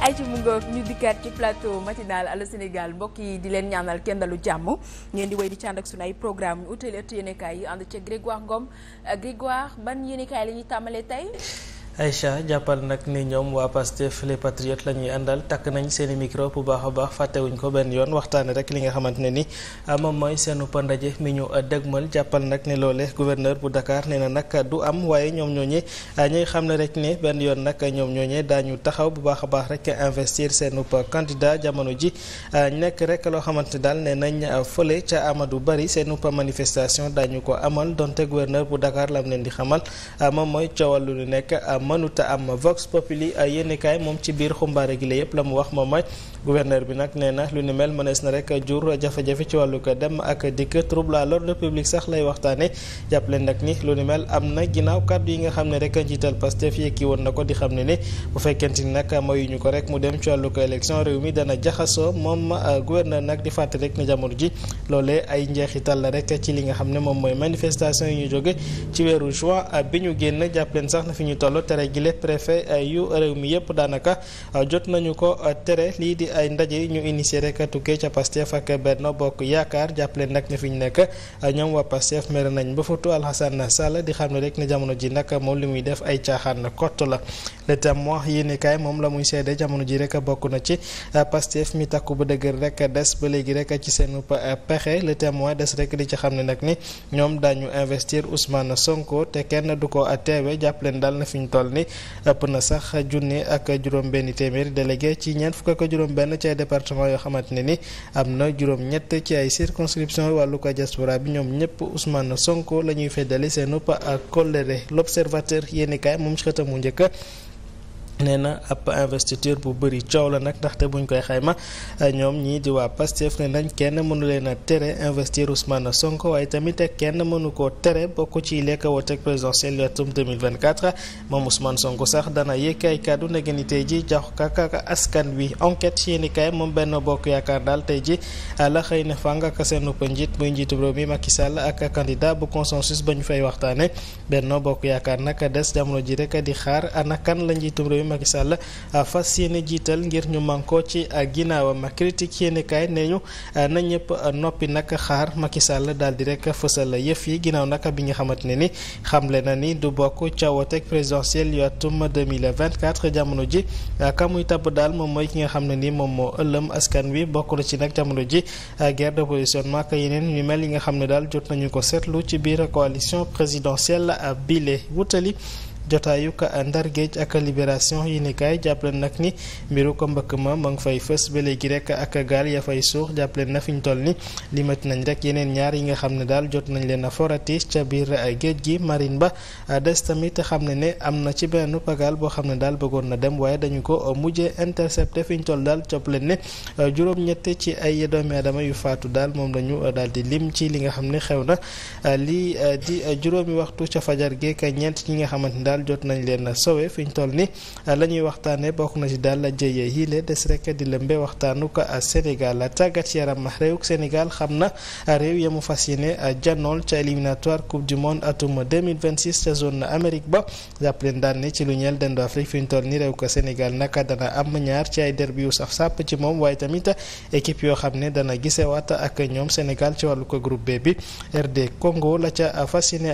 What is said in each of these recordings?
ay ci mu ngoog ñu dikkaat ci plateau matinal Allô Sénégal mbokk yi di leen ñaanal kenn dalu jàmm ngeen di wéy di ci ànd ak sunu ay programme ñu utali ëtt yéenekaay yi ànd ca Grégoire Ngom Grégoire ban yéenekaay la ñuy tàmbalee tey Aïcha jàppal nag ni ñoom waa Pastef les patriotes la ñuy àndal takk nañ seen i micro bu baax a baax fàttewuñ ko benn yoon waxtaane rek li nga xamante ne ni ah, moom mooy seenu pandaje mi ñu ah, dëgmal jàppal nag ne loole gouverneur bu Dakar na nag du am waaye ñoom ñooñee ah, ñuy xam ne rek ne benn yoon nag ñoom ñooñee daañu taxaw bu baax a baax rek investir seenu candidat jamono ji nekk rek loo xamante daal ne nañ fole ca Amadou Bari seenu manifestation daañu ko amal donte gouverneur bu Dakar lam leen di xamal moom mooy coowal lu nekk. mënuta am Vox Populi ay kaay moom ci biir xumbaare gi la yëpp la mu wax moom ma gouverneur bi nag nee na lu ni mel mënees na rek jur jafe-jafe ci wàllu ko dem ak dikk trouble à l'ordre public sax lay waxtaane jàpp leen nag ni lu ni mel am na ginnaaw kàddu yi nga xam ne rek njiital Pastef yëkki woon na ko di xam ne ni bu fekkente ni nag ñu ko rek mu dem ci wàllu ko élection réew mi dana jaxasoo moom euh, gouverneur nag di fàtte jamono ji loolee ay njeexital la rek ci li nga xam ne moom mooy manifestation yi ñu jóge ci weeru juin bi ñu génn jàpp sax na fi ñu tolloo tere gi le préfet yu réew mi yëpp daanaka euh, jot nañu ko euh, tere lii di ay ndaje ñu initier rek tukkee ca Pastef ak Benno Bokk Yaakaar jàppale nag ne fi ñu nekk euh, ñoom waa Pastef mere nañ ba futu Alhassane Sall di xam ne rek ne jamono ji nag moom li muy def ay caaxaan kott la le témoin yéen kaay moom la muy seede jamono ji rek bokk na ci Pastef mi takku ba dëgër rek des ba léegi rek ci seen pexe le témoin des rek di ci xam ne nag toll ni ëpp na sax junni ak juróom-benn téeméeri délégué ci ñeent fukk ak juróom-benn ci ay département yoo xamante ne ni am na juróom-ñett ci ay circonscription wàllu ko diaspora bi ñoom ñëpp Ousmane Sonko la ñuy feddali seen upp ak colléré l'observateur yéenekaay moom ci xëtamu njëkk nee na ab investiture bu bëri coow la nag ndaxte buñ koy xayma ñoom ñii di waa Pastef ne nañ kenn mënu leen a tere investir Ousmane Sonko waaye tamit kenn mënu koo tere bokk ci lekk wooteeg présidentielle atum 2024 moom Ousmane Sonko sax dana yëkk kàddu ndege ji jox kaka askan wi enquête yéen i moom benn bokk yaakaar daal tey ji la xëy na fang ak seen ëpp njiit muy njiitu réew mi Macky ak candidat bu consensus ba ñu fay waxtaane benn bokk Macky Sall fas yéene jiital ngir ñu mànkoo ci ginnaawam critique yéene kaay nee ñu na ñëpp noppi nag xaar Macky la daal di rek fësal yëf yi ginnaaw nag bi nga xamante ne ni xamle na ni du bokk ca woteeg présidentielle yu atum 2024 jamono ji ka muy tabb daal moom mooy ki nga xam ne ni moom moo ëllëm askan wi bokk na ci nag jamono ji guerre de positionnement ak yeneen ñu mel yi nga xam ne daal jot nañu ko seetlu ci biir coalition présidentielle bile wutali jotaayu ka Ndar Géej ak Libération yi jàppale nag ni mbiru ko mbëkk ma ma ngi fay fës ba léegi rek ak gaal ya fay suux jàppale na fi ñu toll ni limat nañ rek yeneen ñaar yi nga xam ne daal jot nañ leen a forati ca biir géej gi marine ba des tamit xam ne ne am na ci benn pagaal boo xam ne daal bëggoon na dem waaye dañu ko mujjee intercepté fi ñu toll daal jàpp leen ne juróom-ñett ci ay doomi aadama yu faatu daal moom lañu daal di lim ci li nga xam ne xew na lii di juróomi waxtu ca fajar geek daal jot nañ leen sowe fi ñu toll ni ah, la waxtaanee bokk na ci daal a jëyee yii des rek di lëmbe waxtaanu ko ah, Sénégal tàggat yaram réewuk Sénégal xam na ah, réew ya mu fas yéene janool ca éliminatoire coupe du monde atum 2026 ca zone Amérique ba jàpp leen daan ne ci lu ñeel dendu Afrique fi ñu toll ni réew ko Sénégal naka dana am ñaar ci ay derbi yu saf sàpp ci moom waaye tamit équipe yoo xam ne dana gise gisewaat ak ñoom Sénégal ci wàllu ko groupe B bi RD Congo la ca fas yéene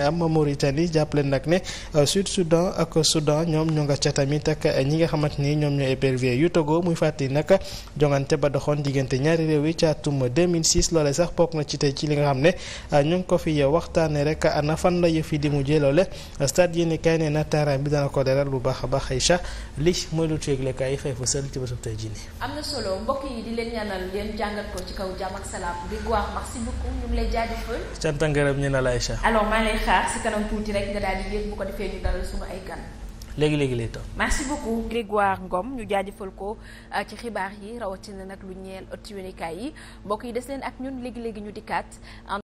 Soudan ak Soudan ñoom ñoo nga ca tamit ak ñi nga xamante ni ñoom ñooy épervier yu Togo muy fàttali nag jongante ba doxoon diggante ñaari réew yi ca atum 2006 loole sax bokk na ci tey ci li nga xam ne ah, ñu ngi ko fi waxtaanee rek ana ah, fan la yëf yi di mujjee loole stade yéen kay nee na terrain bi dana ko dalal bu baax a baax Aïcha li mooy lu tuyeeg lekkaay yi xëy fa sël ci bësub tey jii nii. am na solo mbokk yi di leen ñaanal leen jàngat ko ci kaw jàmm ak salaam di la Aïcha. ay gan. léegi léegi lay taw. merci beaucoup Grégoire Ngom ñu jaajëfal ko euh, ci xibaar yi rawatina nag lu ñeel ëtt yonikaay yi mbokk yi des leen ak ñun léegi léegi ñu dikkaat.